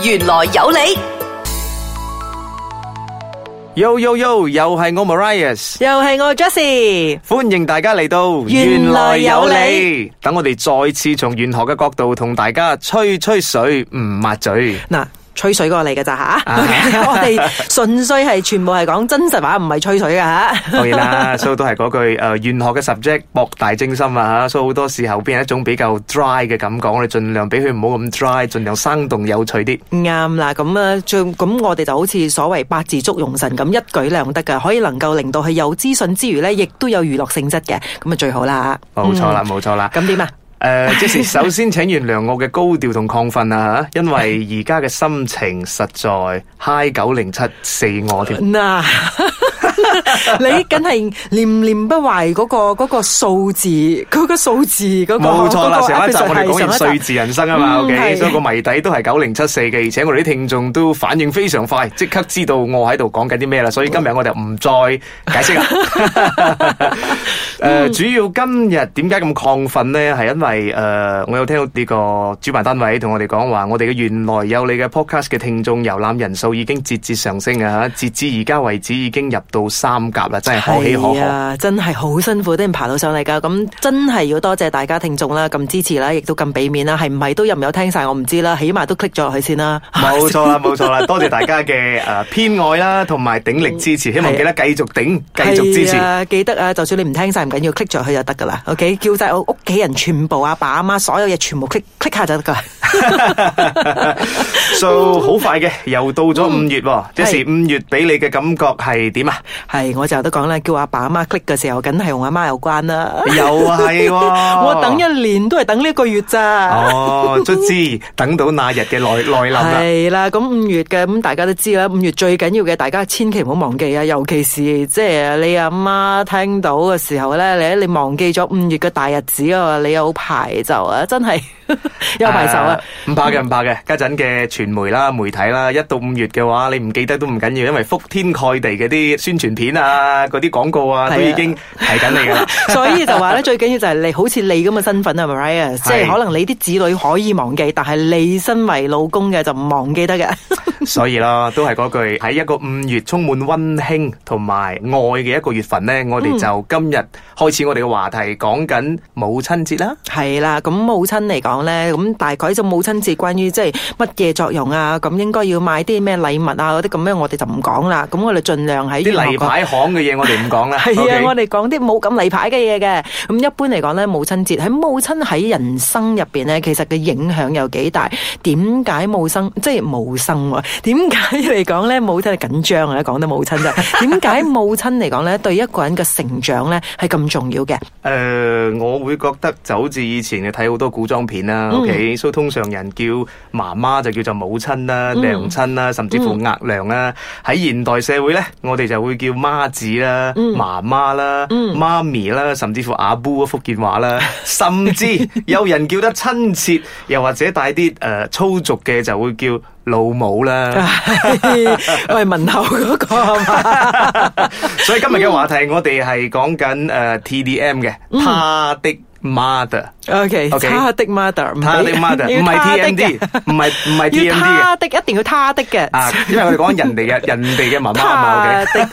玄來有理，Yo Yo Yo，又係我 Marius，又係我 Jesse，歡迎大家嚟到，玄來有理，等我哋再次從玄學嘅角度同大家吹吹水，唔抹嘴，嗱。.吹水過嚟嘅咋吓？我哋純粹係全部係講真實話，唔係吹水嘅吓。可 以啦，所以都係嗰句誒，玄、呃、學嘅 subject 博大精深啊吓，所以好多時候變一種比較 dry 嘅感覺，我哋盡量俾佢唔好咁 dry，盡量生動有趣啲。啱、嗯、啦，咁啊，咁、啊、我哋就好似所謂八字捉用神咁一,一舉兩得噶，可以能夠令到係有資訊之餘呢亦都有娛樂性質嘅，咁啊最好啦，冇錯啦，冇錯啦。咁點啊？誒，即是，uh, 首先請原諒我嘅高調同亢奮啊，吓，因為而家嘅心情實在嗨九零七四我添 你梗係念念不忘嗰個嗰個數字，嗰個數字嗰個冇錯啦！上一集我哋講咗數字人生啊嘛，所以個謎底都係九零七四嘅。而且我哋啲聽眾都反應非常快，即刻知道我喺度講緊啲咩啦。所以今日我哋唔再解釋啦。誒，主要今日點解咁亢奮呢？係因為誒，我有聽到呢個主辦單位同我哋講話，我哋嘅玄來有理嘅 Podcast 嘅聽眾遊覽人數已經節節上升啊！吓，截至而家為止已經入到三。三甲啦，真係可喜可賀，真係好辛苦都唔爬到上嚟噶。咁真係要多謝大家聽眾啦，咁支持啦，亦都咁俾面啦。係唔係都任唔有聽晒？我唔知啦，起碼都 click 咗落去先啦。冇錯啦，冇錯啦，多謝大家嘅誒偏愛啦，同埋鼎力支持。希望記得繼續頂，繼續支持。記得啊，就算你唔聽晒唔緊要，click 咗佢就得噶啦。OK，叫晒我屋企人全部，阿爸阿媽所有嘢全部 click click 下就得噶。So 好快嘅，又到咗五月，即係五月俾你嘅感覺係點啊？係，我就有得講啦。叫阿爸阿媽 click 嘅時候，梗係同阿媽有關啦。又係，我等一年都係等呢個月咋。哦，卒之等到那日嘅來來臨啦。係啦，咁五月嘅咁，大家都知啦。五月最緊要嘅，大家千祈唔好忘記啊。尤其是即係你阿媽聽到嘅時候咧，你你忘記咗五月嘅大日子啊，你有排就啊，真係有排就啊。唔怕嘅，唔怕嘅。家陣嘅傳媒啦、媒體啦，一到五月嘅話，你唔記得都唔緊要，因為覆天蓋地嘅啲宣傳片。片啊，嗰啲廣告啊，都已經提緊你噶啦，所以就話咧，最緊要就係你，好似你咁嘅身份啊，係咪啊？即係可能你啲子女可以忘記，但係你身為老公嘅就唔忘記得嘅。所以啦，都係嗰句，喺一個五月充滿温馨同埋愛嘅一個月份咧，我哋就今日開始我哋嘅話題講緊母親節啦。係啦，咁母親嚟講咧，咁大概就母親節關於即係乜嘢作用啊？咁應該要買啲咩禮物啊？嗰啲咁樣我哋就唔講啦。咁我哋盡量喺啲禮物。牌行嘅嘢我哋唔講啦，係啊，我哋講啲冇咁例牌嘅嘢嘅。咁一般嚟講咧，母親節喺母親喺人生入邊咧，其實嘅影響有幾大？點解母生即係冇生？點解嚟講咧？母親係緊張啊，講得母親啫。點解母親嚟講咧？對一個人嘅成長咧係咁重要嘅？誒，我會覺得就好似以前你睇好多古裝片啦。OK，所以通常人叫媽媽就叫做母親啦、娘親啦，甚至乎額娘啦。喺現代社會咧，我哋就會叫，媽子啦、嗯、媽媽啦、媽咪啦，甚至乎阿姑福建話啦，甚至有人叫得親切，又或者帶啲誒粗俗嘅，呃、就會叫老母啦。喂，問候嗰個，所以今日嘅話題，我哋係講緊誒 TDM 嘅，他的。呃 mother，OK，他的 mother，他的 mother，唔係 TMD，唔係唔係 TMD 嘅，要他的，一定要他的嘅，啊，因為佢講人哋嘅人哋嘅媽媽嘛，OK，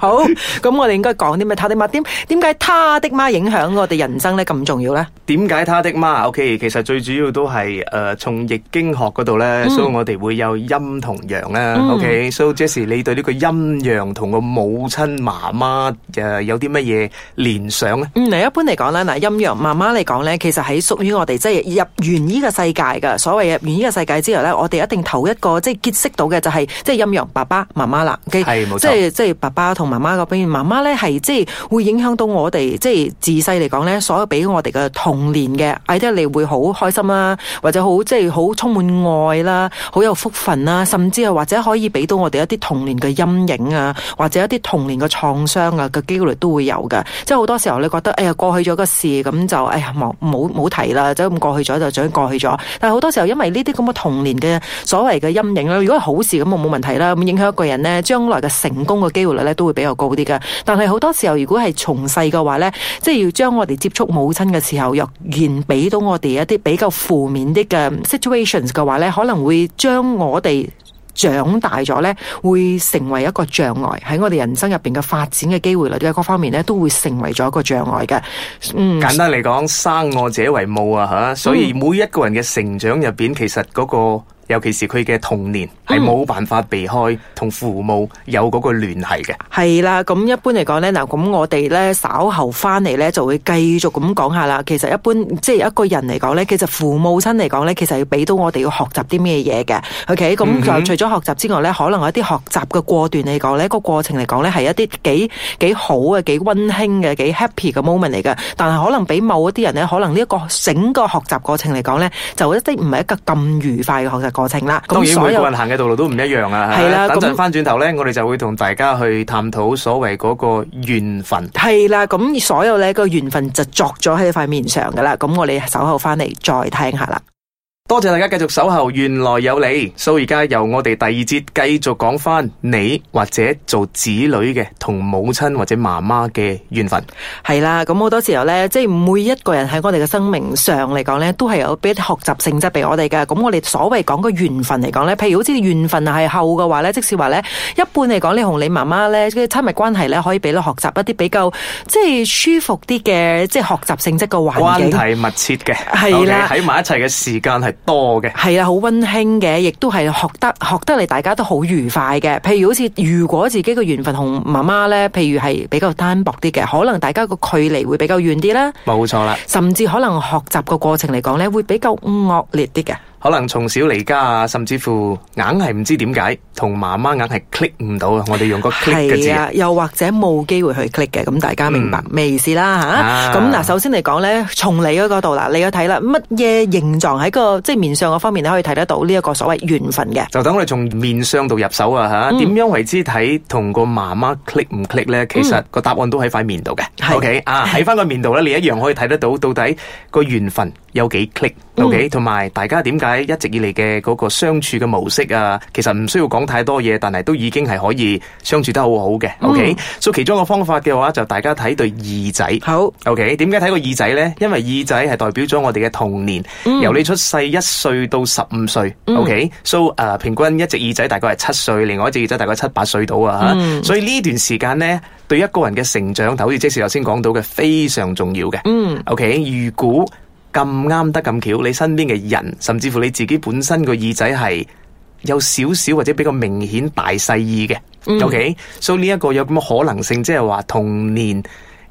好，咁我哋應該講啲咩？他的媽，點點解他的媽影響我哋人生咧咁重要咧？點解他的媽？OK，其實最主要都係誒從易經學嗰度咧，所以我哋會有陰同陽咧，OK，所以 Jesse 你對呢個陰陽同個母親媽媽誒有啲乜嘢聯想咧？嗯，嗱，一般嚟講咧，嗱。陰陽媽媽嚟講咧，其實係屬於我哋即係入完呢個世界㗎。所謂入完呢個世界之後咧，我哋一定頭一個即係、就是、結識到嘅就係即係陰陽爸爸媽媽啦。係冇錯，即係即係爸爸同媽媽嗰邊。媽媽咧係即係會影響到我哋即係自細嚟講咧，所有俾我哋嘅童年嘅，哎，即係你會好開心啦，或者好即係好充滿愛啦，好有福分啦，甚至係或者可以俾到我哋一啲童年嘅陰影啊，或者一啲童年嘅創傷啊嘅機率都會有嘅。即係好多時候你覺得，哎呀過去咗個事。咁就哎呀，冇冇冇提啦，就咁過去咗就走咁過去咗。但係好多時候因為呢啲咁嘅童年嘅所謂嘅陰影咧，如果係好事咁我冇問題啦。咁影響一個人呢將來嘅成功嘅機會率呢都會比較高啲嘅。但係好多時候如果係從細嘅話呢，即係要將我哋接觸母親嘅時候若然俾到我哋一啲比較負面啲嘅 situations 嘅話呢，可能會將我哋。長大咗呢，會成為一個障礙喺我哋人生入邊嘅發展嘅機會啦，嘅各方面呢，都會成為咗一個障礙嘅。嗯，簡單嚟講，生我者為母啊吓，所以每一個人嘅成長入邊，其實嗰、嗰個尤其是佢嘅童年係冇、嗯、辦法避開同父母有嗰個聯繫嘅。係啦，咁一般嚟講咧，嗱，咁我哋咧稍後翻嚟咧就會繼續咁講下啦。其實一般即係一個人嚟講咧，其實父母親嚟講咧，其實要俾到我哋要學習啲咩嘢嘅。OK，咁就除咗學習之外咧、嗯哼那個，可能一啲學習嘅過段嚟講咧，個過程嚟講咧係一啲幾幾好嘅、幾溫馨嘅、幾 happy 嘅 moment 嚟嘅，但係可能俾某一啲人咧，可能呢一個整個學習過程嚟講咧，就一啲唔係一個咁愉快嘅學習過。過程啦，當然每個人行嘅道路都唔一樣啊。係啦的，的等陣翻轉頭咧，那我哋就會同大家去探討所謂嗰個緣分。係啦，咁所有咧個緣分就作咗喺塊面上噶啦。咁我哋稍後翻嚟再聽下啦。多謝大家繼續守候，原來有你。所以而家由我哋第二節繼續講翻你或者做子女嘅，同母親或者媽媽嘅緣分。係啦，咁好多時候呢，即係每一個人喺我哋嘅生命上嚟講呢，都係有俾啲學習性質俾我哋㗎。咁我哋所謂講個緣分嚟講呢，譬如好似緣分係厚嘅話呢，即使話呢，一般嚟講你同你媽媽呢嘅親密關係呢，可以俾到學習一啲比較即係舒服啲嘅，即係學習性質嘅環境，關係密切嘅，係啦的，喺埋、okay, 一齊嘅時間係。多嘅係啊，好溫馨嘅，亦都係學得學得嚟，大家都好愉快嘅。譬如好似如果自己嘅緣分同媽媽呢，譬如係比較單薄啲嘅，可能大家個距離會比較遠啲啦。冇錯啦，甚至可能學習個過程嚟講呢，會比較惡劣啲嘅。可能從小離家啊，甚至乎硬係唔知點解同媽媽硬係 click 唔到啊！我哋用個 click 嘅字，係啊，又或者冇機會去 click 嘅，咁大家明白咩意思啦吓？咁嗱，首先嚟講咧，從你嗰個度啦，你要睇啦乜嘢形狀喺個即係面相嘅方面咧，你可以睇得到呢一個所謂緣分嘅。就等我哋從面相度入手啊吓，點樣為之睇同個媽媽 click 唔 click 咧？其實個答案都喺塊面度嘅，OK 啊？喺翻個面度咧，你一樣可以睇得到到底個緣分。有幾 click，OK，同埋大家點解一直以嚟嘅嗰個相處嘅模式啊，其實唔需要講太多嘢，但係都已經係可以相處得好好嘅，OK。所以其中一個方法嘅話，就大家睇對耳仔，好，OK。點解睇個耳仔呢？因為耳仔係代表咗我哋嘅童年，由你出世一歲到十五歲，OK。所以誒，平均一隻耳仔大概係七歲，另外一隻耳仔大概七八歲到啊，吓。所以呢段時間呢，對一個人嘅成長，就好似即是頭先講到嘅非常重要嘅，嗯，OK。如果咁啱得咁巧，你身邊嘅人，甚至乎你自己本身個耳仔係有少少或者比較明顯大細耳嘅，OK。所以呢一個有咁嘅可能性，即係話童年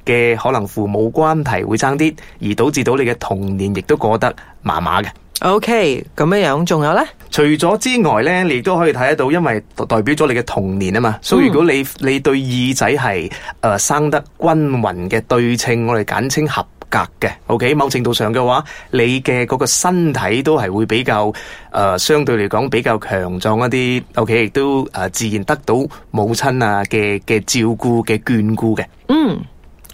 嘅可能父母關係會爭啲，而導致到你嘅童年亦都過得麻麻嘅。OK，咁樣樣，仲有呢？除咗之外呢，你都可以睇得到，因為代表咗你嘅童年啊嘛。所以、嗯 so, 如果你你對耳仔係誒生得均匀嘅對稱，我哋簡稱合。格嘅，OK，某程度上嘅話，你嘅嗰個身體都係會比較，誒、呃，相對嚟講比較強壯一啲，OK，亦都誒、呃、自然得到母親啊嘅嘅照顧嘅眷顧嘅，嗯。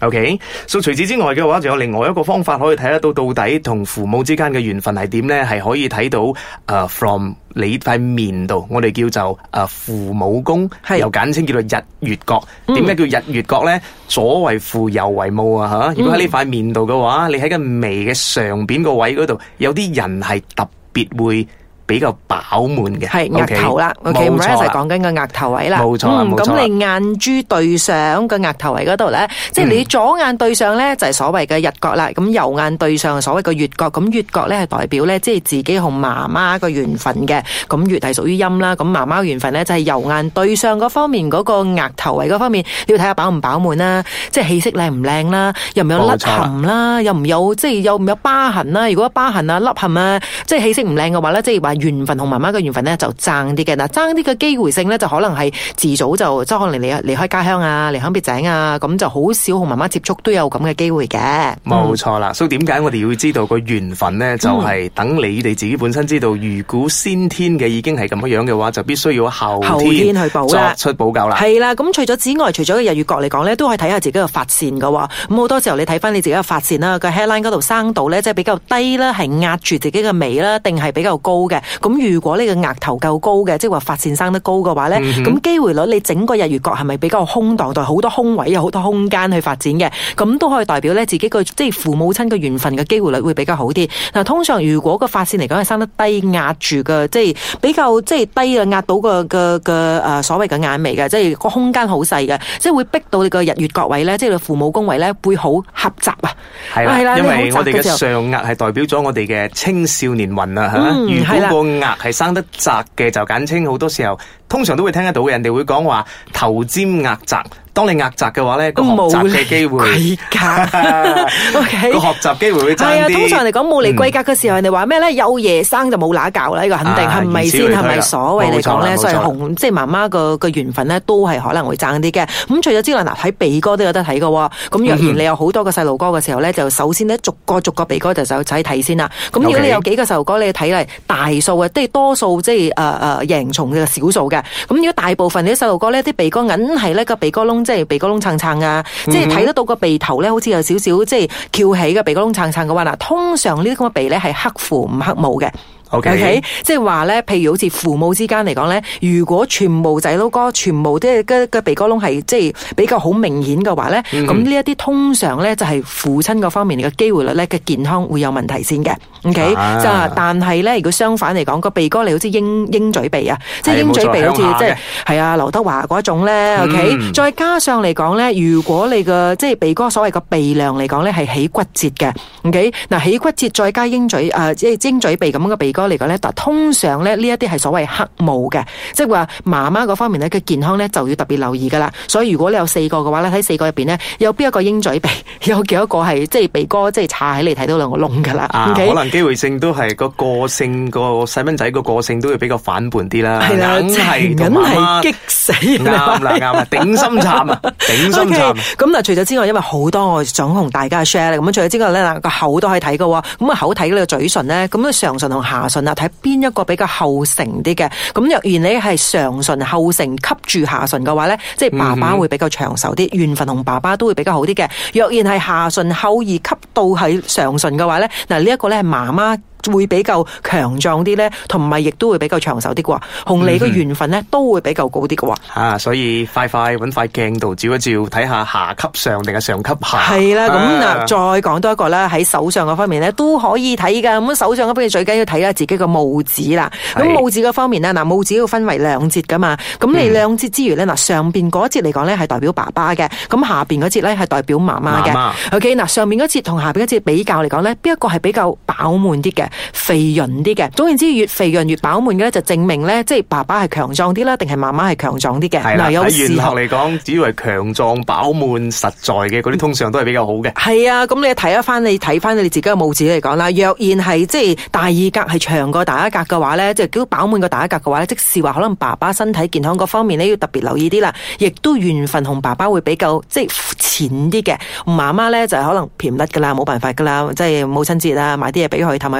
O K，所以除此之外嘅話，仲有另外一個方法可以睇得到到底同父母之間嘅緣分係點呢？係可以睇到誒、uh,，from 你塊面度，我哋叫做誒、uh, 父母宮，又的簡稱叫做日月角。點解、嗯、叫日月角呢？左為父，右為母啊！吓、啊，如果喺呢塊面度嘅話，嗯、你喺個眉嘅上邊個位嗰度，有啲人係特別會。比較飽滿嘅係額頭啦，O.K. 唔係就講緊個額頭位啦。冇錯冇錯，咁你眼珠對上個額頭位嗰度咧，即係你左眼對上咧就係所謂嘅日角啦，咁右眼對上所謂嘅月角，咁月角咧係代表咧即係自己同媽媽個緣分嘅。咁月係屬於陰啦，咁媽媽緣分咧就係右眼對上嗰方面嗰個額頭位嗰方面，你要睇下飽唔飽滿啦，即係氣色靚唔靚啦，有唔有凹陷啦，有唔有即係有唔有疤痕啦？如果疤痕啊，凹陷啊，即係氣色唔靚嘅話咧，即係話。緣分同媽媽嘅緣分呢，就爭啲嘅，嗱爭啲嘅機會性呢，就可能係自早就即可能你啊離，離開家鄉啊，離鄉別井啊，咁就好少同媽媽接觸，都有咁嘅機會嘅。冇錯啦，嗯、所以點解我哋要知道個緣分呢？就係、是、等你哋自己本身知道，嗯、如果先天嘅已經係咁樣樣嘅話，就必須要後天去補啦，出補救補啦。係、嗯、啦，咁除咗之外，除咗日月角嚟講呢，都可以睇下自己嘅髮線嘅喎。咁好多時候你睇翻你自己嘅髮線啦，個 hairline 嗰度生度呢，即、就、係、是、比較低啦，係壓住自己嘅尾啦，定係比較高嘅。咁如果呢個額頭夠高嘅，即係話髮線生得高嘅話咧，咁機、嗯、哼會率你整個日月角係咪比較空蕩蕩，好多空位，有好多空間去發展嘅？咁都可以代表咧自己個即係父母親嘅緣分嘅機會率會比較好啲。嗱，通常如果個髮線嚟講係生得低壓住嘅，即係比較即係低嘅壓到個個個誒所謂嘅眼眉嘅，即係個空間好細嘅，即係會逼到你個日月角位咧，即係你父母宮位咧會好狹窄啊。係啦，因為我哋嘅上額係代表咗我哋嘅青少年運啊，吓了，如了個額係生得窄嘅，就簡稱好多時候，通常都會聽得到人哋會講話頭尖額窄。當你壓雜嘅話咧，學習嘅機會歸格，個學習機會會爭啲。係啊，通常嚟講冇嚟歸格嘅時候，人哋話咩咧？有爺生就冇乸教啦，呢個肯定係咪先？係咪所謂嚟講咧？所以熊即係媽媽個個緣分咧，都係可能會爭啲嘅。咁除咗之外嗱，睇鼻哥都有得睇嘅。咁若然你有好多個細路哥嘅時候咧，就首先咧逐個逐個鼻哥就就仔睇先啦。咁如果你有幾個細路哥，你要睇嚟大數即係多數即係誒誒形重嘅少數嘅。咁如果大部分啲細路哥咧，啲鼻哥梗係呢個鼻哥窿。即係鼻哥窿撐撐啊，即係睇得到個鼻頭咧，好似有少少即係翹起嘅鼻哥窿撐撐嘅話嗱，通常呢啲咁嘅鼻咧係克父唔克母嘅。O Okay. K，okay? 即係話咧，譬如好似父母之間嚟講咧，如果全部仔佬哥，全部即係個鼻哥窿係即係比較好明顯嘅話咧，咁呢一啲通常咧就係父親嗰方面嘅機會率咧嘅健康會有問題先嘅。O K，就但係咧，如果相反嚟講個鼻哥你好似鷹鷹嘴鼻是啊，即係鷹嘴鼻好似即係係啊，劉德華嗰一種咧。O、hmm. K，再加上嚟講咧，如果你個即係鼻哥所謂個鼻梁嚟講咧係起骨折嘅。O K，嗱起骨折再加鷹嘴誒，即係鷹嘴鼻咁樣嘅鼻。哥嚟講咧，通常咧呢一啲係所謂黑霧嘅，即係話媽媽嗰方面咧嘅健康咧就要特別留意噶啦。所以如果你有四個嘅話咧，喺四個入邊咧有邊一個鷹嘴鼻，有幾多個係即係鼻哥即係插起嚟睇到兩個窿噶啦。啊，可能機會性都係個個性個細蚊仔個個性都要比較反叛啲啦，梗係同媽激死，啱啦啱啦，頂心杉啊，頂心杉。咁嗱，除咗之外，因為好多我想同大家 share 咁樣，除咗之外咧嗱，個口都可以睇噶，咁啊口睇嗰個嘴唇咧，咁啊上唇同下。睇邊一個比較後承啲嘅，咁若然你係上唇後承吸住下唇嘅話呢，即係爸爸會比較長壽啲，緣、嗯、哼分同爸爸都會比較好啲嘅。若然係下唇後而吸到係上唇嘅話呢，嗱呢一個呢，係媽媽。會比較強壯啲咧，同埋亦都會比較長壽啲嘅話，同、嗯、哼你嘅緣分咧都會比較高啲嘅話。啊，所以快快揾塊鏡度照一照，睇下下級上定係上級下。係啦，咁、嗯、嗱，啊、再講多一個啦，喺手上嗰方面咧都可以睇噶。咁手上嗰邊最緊要睇下自己個拇指啦。咁是拇指嘅方面咧，嗱，拇指要分為兩節噶嘛。咁、嗯、你兩節之餘咧，嗱，上邊嗰節嚟講咧係代表爸爸嘅，咁下邊嗰節咧係代表媽媽嘅。O K，嗱，okay? 上面嗰節同下邊嗰節比較嚟講咧，邊一個係比較飽滿啲嘅？肥潤啲嘅，總然之越肥潤越飽滿嘅咧，就證明咧，即係爸爸係強壯啲啦，定係媽媽係強壯啲嘅。係啦的，喺玄學嚟講，只要係強壯飽滿實在嘅，嗰啲通常都係比較好嘅。係啊，咁你睇一翻你睇翻你自己嘅拇指嚟講啦，若然係即係大二格係長過大一格嘅話咧，即係都飽滿過大一格嘅話，即係話可能爸爸身體健康各方面咧要特別留意啲啦，亦都緣分同爸爸會比較即係淺啲嘅，媽媽咧就係可能便甩噶啦，冇辦法噶啦，即係母親節啦，買啲嘢俾佢，同埋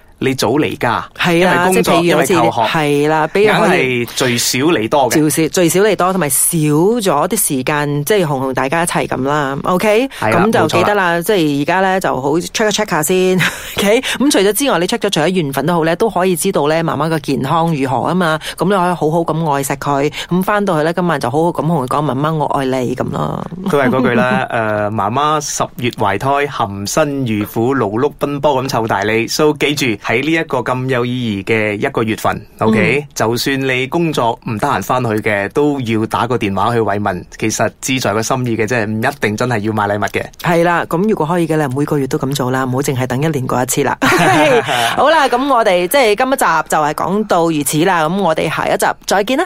你早離家，因為工作，因為求學，係啦，比較係最少嚟多嘅，少少最少嚟多，同埋少咗啲時間，即係同大家一齊咁啦。OK，咁就記得啦。即係而家咧就好 check 一 check 下先。OK，咁除咗之外，你 check 咗，除咗緣分都好咧，都可以知道咧媽媽嘅健康如何啊嘛。咁你可以好好咁愛惜佢。咁翻到去咧，今晚就好好咁同佢講，媽媽，我愛你咁咯。佢係嗰句啦，誒，媽媽十月懷胎，含辛茹苦，勞碌奔波咁湊大你，So，記住。喺呢一個咁有意義嘅一個月份，OK，、嗯、就算你工作唔得閒翻去嘅，都要打個電話去慰問，其實志在個心意嘅啫，唔一定真係要買禮物嘅。係啦，咁如果可以嘅咧，每個月都咁做啦，唔好淨係等一年過一次啦。 好啦，咁我哋即係今一集就係講到如此啦，咁我哋下一集再見啦。